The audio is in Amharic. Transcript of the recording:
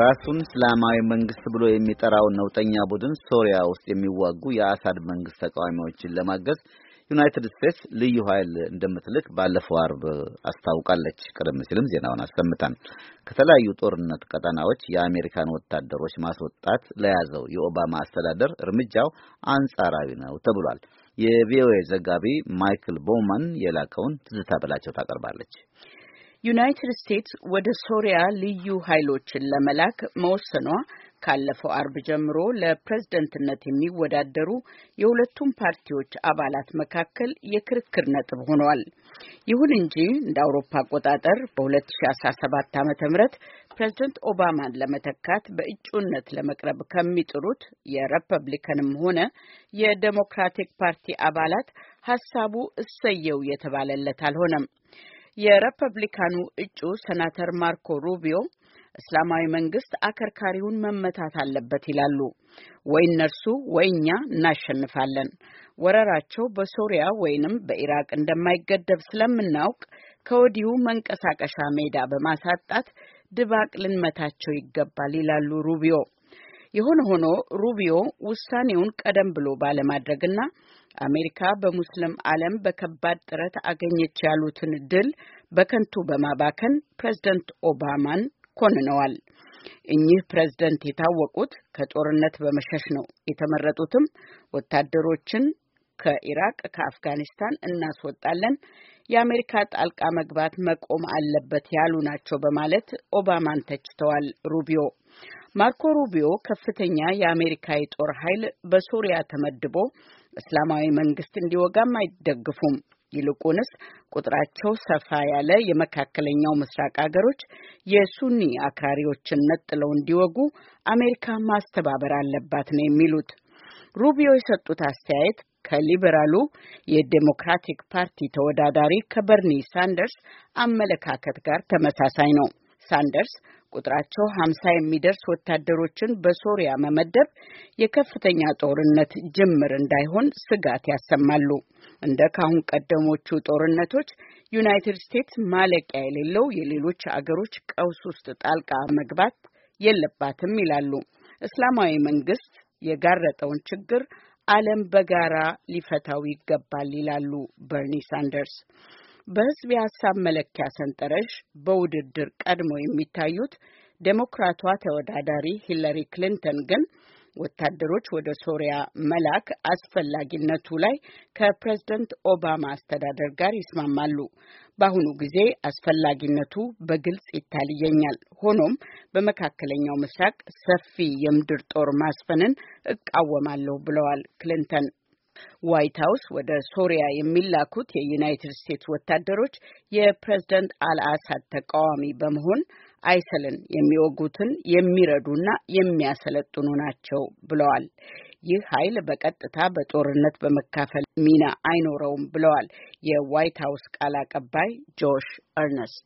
ራሱን እስላማዊ መንግስት ብሎ የሚጠራው ነውጠኛ ቡድን ሶሪያ ውስጥ የሚዋጉ የአሳድ መንግስት ተቃዋሚዎችን ለማገዝ ዩናይትድ ስቴትስ ልዩ ኃይል እንደምትልክ ባለፈው አርብ አስታውቃለች። ቀደም ሲልም ዜናውን አሰምታን ከተለያዩ ጦርነት ቀጠናዎች የአሜሪካን ወታደሮች ማስወጣት ለያዘው የኦባማ አስተዳደር እርምጃው አንጻራዊ ነው ተብሏል። የቪኦኤ ዘጋቢ ማይክል ቦውማን የላከውን ትዝታ በላቸው ታቀርባለች። ዩናይትድ ስቴትስ ወደ ሶሪያ ልዩ ኃይሎችን ለመላክ መወሰኗ ካለፈው አርብ ጀምሮ ለፕሬዝደንትነት የሚወዳደሩ የሁለቱም ፓርቲዎች አባላት መካከል የክርክር ነጥብ ሆኗል። ይሁን እንጂ እንደ አውሮፓ አቆጣጠር በ2017 ዓ ም ፕሬዝደንት ኦባማን ለመተካት በእጩነት ለመቅረብ ከሚጥሩት የሪፐብሊካንም ሆነ የዴሞክራቲክ ፓርቲ አባላት ሀሳቡ እሰየው የተባለለት አልሆነም። የሪፐብሊካኑ እጩ ሰናተር ማርኮ ሩቢዮ እስላማዊ መንግስት አከርካሪውን መመታት አለበት ይላሉ። ወይ እነርሱ ወይ እኛ እናሸንፋለን። ወረራቸው በሶሪያ ወይንም በኢራቅ እንደማይገደብ ስለምናውቅ ከወዲሁ መንቀሳቀሻ ሜዳ በማሳጣት ድባቅ ልንመታቸው ይገባል ይላሉ ሩቢዮ። የሆነ ሆኖ ሩቢዮ ውሳኔውን ቀደም ብሎ ባለማድረግና አሜሪካ በሙስሊም ዓለም በከባድ ጥረት አገኘች ያሉትን ድል በከንቱ በማባከን ፕሬዝደንት ኦባማን ኮንነዋል። እኚህ ፕሬዝደንት የታወቁት ከጦርነት በመሸሽ ነው። የተመረጡትም ወታደሮችን ከኢራቅ ከአፍጋኒስታን እናስወጣለን፣ የአሜሪካ ጣልቃ መግባት መቆም አለበት ያሉ ናቸው በማለት ኦባማን ተችተዋል ሩቢዮ። ማርኮ ሩቢዮ ከፍተኛ የአሜሪካ የጦር ኃይል በሶሪያ ተመድቦ እስላማዊ መንግስት እንዲወጋም አይደግፉም። ይልቁንስ ቁጥራቸው ሰፋ ያለ የመካከለኛው ምስራቅ አገሮች የሱኒ አክራሪዎችን ነጥለው እንዲወጉ አሜሪካ ማስተባበር አለባት ነው የሚሉት። ሩቢዮ የሰጡት አስተያየት ከሊበራሉ የዴሞክራቲክ ፓርቲ ተወዳዳሪ ከበርኒ ሳንደርስ አመለካከት ጋር ተመሳሳይ ነው። ሳንደርስ ቁጥራቸው ሀምሳ የሚደርስ ወታደሮችን በሶሪያ መመደብ የከፍተኛ ጦርነት ጅምር እንዳይሆን ስጋት ያሰማሉ። እንደ ካሁን ቀደሞቹ ጦርነቶች ዩናይትድ ስቴትስ ማለቂያ የሌለው የሌሎች አገሮች ቀውስ ውስጥ ጣልቃ መግባት የለባትም ይላሉ። እስላማዊ መንግስት የጋረጠውን ችግር ዓለም በጋራ ሊፈታው ይገባል ይላሉ በርኒ ሳንደርስ። በሕዝብ የሐሳብ መለኪያ ሰንጠረዥ በውድድር ቀድሞ የሚታዩት ዴሞክራቷ ተወዳዳሪ ሂለሪ ክሊንተን ግን ወታደሮች ወደ ሶሪያ መላክ አስፈላጊነቱ ላይ ከፕሬዝደንት ኦባማ አስተዳደር ጋር ይስማማሉ። በአሁኑ ጊዜ አስፈላጊነቱ በግልጽ ይታልየኛል፣ ሆኖም በመካከለኛው ምስራቅ ሰፊ የምድር ጦር ማስፈንን እቃወማለሁ ብለዋል ክሊንተን። ዋይት ሀውስ ወደ ሶሪያ የሚላኩት የዩናይትድ ስቴትስ ወታደሮች የፕሬዝደንት አልአሳድ ተቃዋሚ በመሆን አይሰልን የሚወጉትን የሚረዱና የሚያሰለጥኑ ናቸው ብለዋል። ይህ ኃይል በቀጥታ በጦርነት በመካፈል ሚና አይኖረውም ብለዋል የዋይት ሀውስ ቃል አቀባይ ጆሽ እርነስት።